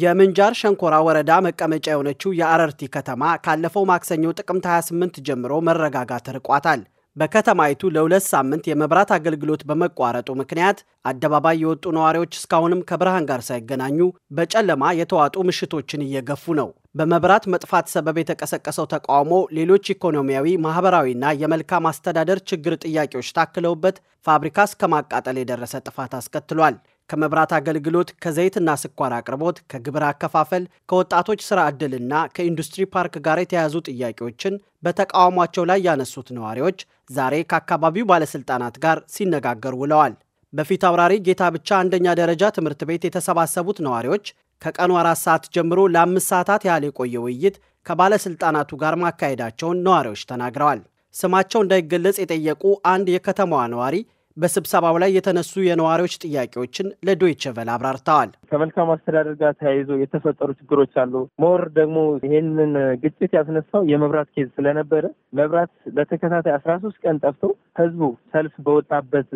የምንጃር ሸንኮራ ወረዳ መቀመጫ የሆነችው የአረርቲ ከተማ ካለፈው ማክሰኞ ጥቅምት 28 ጀምሮ መረጋጋት ርቋታል። በከተማይቱ ለሁለት ሳምንት የመብራት አገልግሎት በመቋረጡ ምክንያት አደባባይ የወጡ ነዋሪዎች እስካሁንም ከብርሃን ጋር ሳይገናኙ በጨለማ የተዋጡ ምሽቶችን እየገፉ ነው። በመብራት መጥፋት ሰበብ የተቀሰቀሰው ተቃውሞ ሌሎች ኢኮኖሚያዊ፣ ማህበራዊና የመልካም አስተዳደር ችግር ጥያቄዎች ታክለውበት ፋብሪካ እስከ ማቃጠል የደረሰ ጥፋት አስከትሏል። ከመብራት አገልግሎት፣ ከዘይትና ስኳር አቅርቦት፣ ከግብር አከፋፈል፣ ከወጣቶች ስራ ዕድልና ከኢንዱስትሪ ፓርክ ጋር የተያያዙ ጥያቄዎችን በተቃውሟቸው ላይ ያነሱት ነዋሪዎች ዛሬ ከአካባቢው ባለስልጣናት ጋር ሲነጋገሩ ውለዋል። በፊት አውራሪ ጌታ ብቻ አንደኛ ደረጃ ትምህርት ቤት የተሰባሰቡት ነዋሪዎች ከቀኑ አራት ሰዓት ጀምሮ ለአምስት ሰዓታት ያህል የቆየ ውይይት ከባለስልጣናቱ ጋር ማካሄዳቸውን ነዋሪዎች ተናግረዋል። ስማቸው እንዳይገለጽ የጠየቁ አንድ የከተማዋ ነዋሪ በስብሰባው ላይ የተነሱ የነዋሪዎች ጥያቄዎችን ለዶይቸ ቬለ አብራርተዋል። ከመልካም አስተዳደር ጋር ተያይዞ የተፈጠሩ ችግሮች አሉ። ሞር ደግሞ ይህንን ግጭት ያስነሳው የመብራት ኬዝ ስለነበረ መብራት ለተከታታይ አስራ ሶስት ቀን ጠፍቶ ህዝቡ ሰልፍ በወጣበት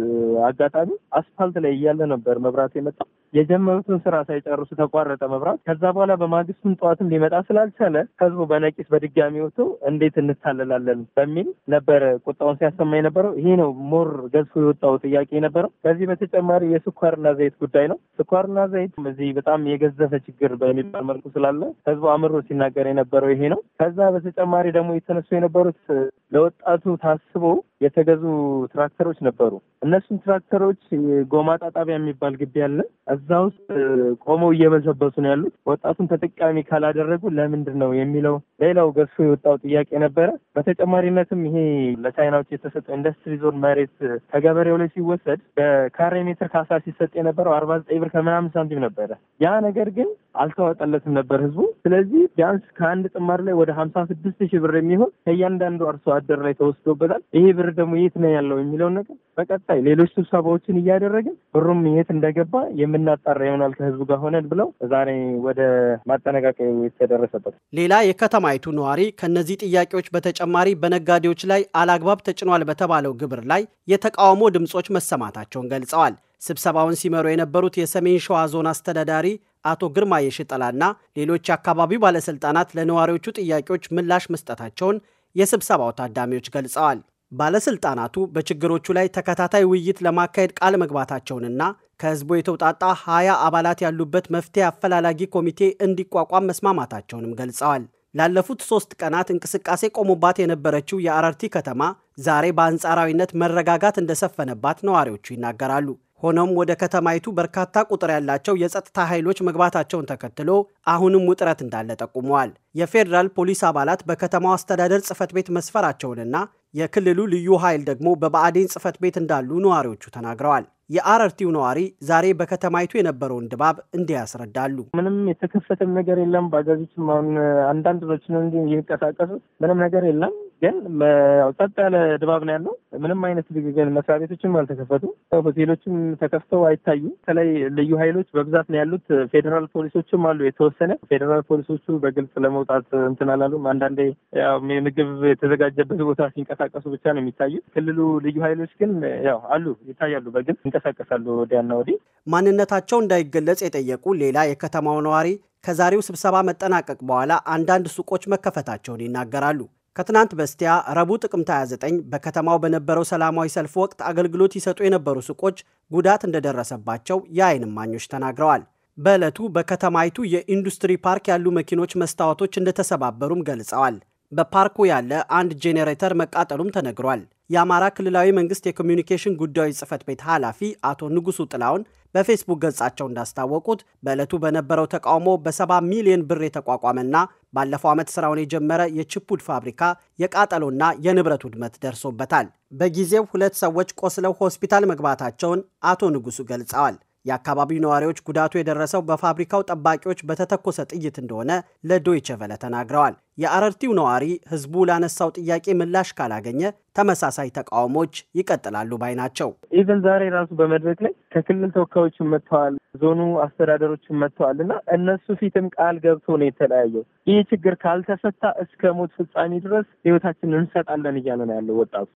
አጋጣሚ አስፋልት ላይ እያለ ነበር መብራት የመጣ የጀመሩትን ስራ ሳይጨርሱ ተቋረጠ መብራት። ከዛ በኋላ በማግስቱም ጠዋትም ሊመጣ ስላልቻለ ህዝቡ በነቂስ በድጋሚ ወጥቶ እንዴት እንታለላለን በሚል ነበረ ቁጣውን ሲያሰማ የነበረው። ይሄ ነው ሞር ገዝፎ የወጣው ጥያቄ የነበረው። ከዚህ በተጨማሪ የስኳርና ዘይት ጉዳይ ነው። ስኳርና ዘይት እዚህ በጣም የገዘፈ ችግር በሚባል መልኩ ስላለ ህዝቡ አምሮ ሲናገር የነበረው ይሄ ነው። ከዛ በተጨማሪ ደግሞ የተነሱ የነበሩት ለወጣቱ ታስቦ የተገዙ ትራክተሮች ነበሩ። እነሱን ትራክተሮች ጎማ ጣጣቢያ የሚባል ግቢ አለ። እዛ ውስጥ ቆመው እየበዘበሱ ነው ያሉት። ወጣቱን ተጠቃሚ ካላደረጉ ለምንድን ነው የሚለው ሌላው ገሱ የወጣው ጥያቄ ነበረ። በተጨማሪነትም ይሄ ለቻይናዎች የተሰጠው ኢንዱስትሪ ዞን መሬት ከገበሬው ላይ ሲወሰድ በካሬ ሜትር ካሳ ሲሰጥ የነበረው አርባ ዘጠኝ ብር ከምናምን ሳንቲም ነበረ። ያ ነገር ግን አልተዋጠለትም ነበር ህዝቡ። ስለዚህ ቢያንስ ከአንድ ጥማር ላይ ወደ ሀምሳ ስድስት ሺህ ብር የሚሆን ከእያንዳንዱ አርሶ አደር ላይ ተወስዶበታል። ይሄ ብር ደግሞ የት ነው ያለው የሚለውን ነገር በቀጣይ ሌሎች ስብሰባዎችን እያደረግን ብሩም የት እንደገባ የምናጣራ ይሆናል ከህዝቡ ጋር ሆነን ብለው ዛሬ ወደ ማጠናቀቂያ የተደረሰበት። ሌላ የከተማይቱ ነዋሪ ከእነዚህ ጥያቄዎች በተጨማሪ በነጋዴዎች ላይ አላግባብ ተጭኗል በተባለው ግብር ላይ የተቃውሞ ድምጾች መሰማታቸውን ገልጸዋል። ስብሰባውን ሲመሩ የነበሩት የሰሜን ሸዋ ዞን አስተዳዳሪ አቶ ግርማ የሽጠላና ሌሎች የአካባቢው ባለስልጣናት ለነዋሪዎቹ ጥያቄዎች ምላሽ መስጠታቸውን የስብሰባው ታዳሚዎች ገልጸዋል። ባለስልጣናቱ በችግሮቹ ላይ ተከታታይ ውይይት ለማካሄድ ቃል መግባታቸውንና ከህዝቡ የተውጣጣ ሀያ አባላት ያሉበት መፍትሄ አፈላላጊ ኮሚቴ እንዲቋቋም መስማማታቸውንም ገልጸዋል። ላለፉት ሶስት ቀናት እንቅስቃሴ ቆሞባት የነበረችው የአረርቲ ከተማ ዛሬ በአንጻራዊነት መረጋጋት እንደሰፈነባት ነዋሪዎቹ ይናገራሉ። ሆኖም ወደ ከተማይቱ በርካታ ቁጥር ያላቸው የጸጥታ ኃይሎች መግባታቸውን ተከትሎ አሁንም ውጥረት እንዳለ ጠቁመዋል። የፌዴራል ፖሊስ አባላት በከተማው አስተዳደር ጽህፈት ቤት መስፈራቸውንና የክልሉ ልዩ ኃይል ደግሞ በብአዴን ጽህፈት ቤት እንዳሉ ነዋሪዎቹ ተናግረዋል። የአረርቲው ነዋሪ ዛሬ በከተማይቱ የነበረውን ድባብ እንዲህ ያስረዳሉ። ምንም የተከፈተም ነገር የለም። ባጃጆችም አሁን አንዳንድ ሎችን እንዲ እየተንቀሳቀሱ ምንም ነገር የለም ግን ጸጥ ያለ ድባብ ነው ያለው። ምንም አይነት ግን መስሪያ ቤቶችም አልተከፈቱ፣ ሆቴሎችም ተከፍተው አይታዩ። በተለይ ልዩ ኃይሎች በብዛት ነው ያሉት። ፌዴራል ፖሊሶችም አሉ የተወሰነ። ፌዴራል ፖሊሶቹ በግልጽ ለመውጣት እንትን አላሉም። አንዳንዴ ያው ምግብ የተዘጋጀበት ቦታ ሲንቀሳቀሱ ብቻ ነው የሚታዩት። ክልሉ ልዩ ኃይሎች ግን ያው አሉ፣ ይታያሉ፣ በግልጽ ይንቀሳቀሳሉ ወዲያና ወዲህ። ማንነታቸው እንዳይገለጽ የጠየቁ ሌላ የከተማው ነዋሪ ከዛሬው ስብሰባ መጠናቀቅ በኋላ አንዳንድ ሱቆች መከፈታቸውን ይናገራሉ። ከትናንት በስቲያ ረቡዕ ጥቅምት 29 በከተማው በነበረው ሰላማዊ ሰልፍ ወቅት አገልግሎት ይሰጡ የነበሩ ሱቆች ጉዳት እንደደረሰባቸው የዓይን እማኞች ተናግረዋል። በዕለቱ በከተማይቱ የኢንዱስትሪ ፓርክ ያሉ መኪኖች መስታወቶች እንደተሰባበሩም ገልጸዋል። በፓርኩ ያለ አንድ ጄኔሬተር መቃጠሉም ተነግሯል። የአማራ ክልላዊ መንግስት የኮሚዩኒኬሽን ጉዳዮች ጽህፈት ቤት ኃላፊ አቶ ንጉሱ ጥላውን በፌስቡክ ገጻቸው እንዳስታወቁት በዕለቱ በነበረው ተቃውሞ በሰባ ሚሊዮን ብር የተቋቋመና ባለፈው ዓመት ስራውን የጀመረ የችፑድ ፋብሪካ የቃጠሎና የንብረት ውድመት ደርሶበታል። በጊዜው ሁለት ሰዎች ቆስለው ሆስፒታል መግባታቸውን አቶ ንጉሱ ገልጸዋል። የአካባቢው ነዋሪዎች ጉዳቱ የደረሰው በፋብሪካው ጠባቂዎች በተተኮሰ ጥይት እንደሆነ ለዶይቸ ቨለ ተናግረዋል። የአረርቲው ነዋሪ ህዝቡ ላነሳው ጥያቄ ምላሽ ካላገኘ ተመሳሳይ ተቃውሞች ይቀጥላሉ ባይ ናቸው። ኢቨን ዛሬ ራሱ በመድረክ ላይ ከክልል ተወካዮችን መጥተዋል፣ ዞኑ አስተዳደሮችን መጥተዋል እና እነሱ ፊትም ቃል ገብቶ ነው የተለያየው። ይህ ችግር ካልተፈታ እስከ ሞት ፍጻሜ ድረስ ህይወታችንን እንሰጣለን እያለ ነው ያለው ወጣቱ።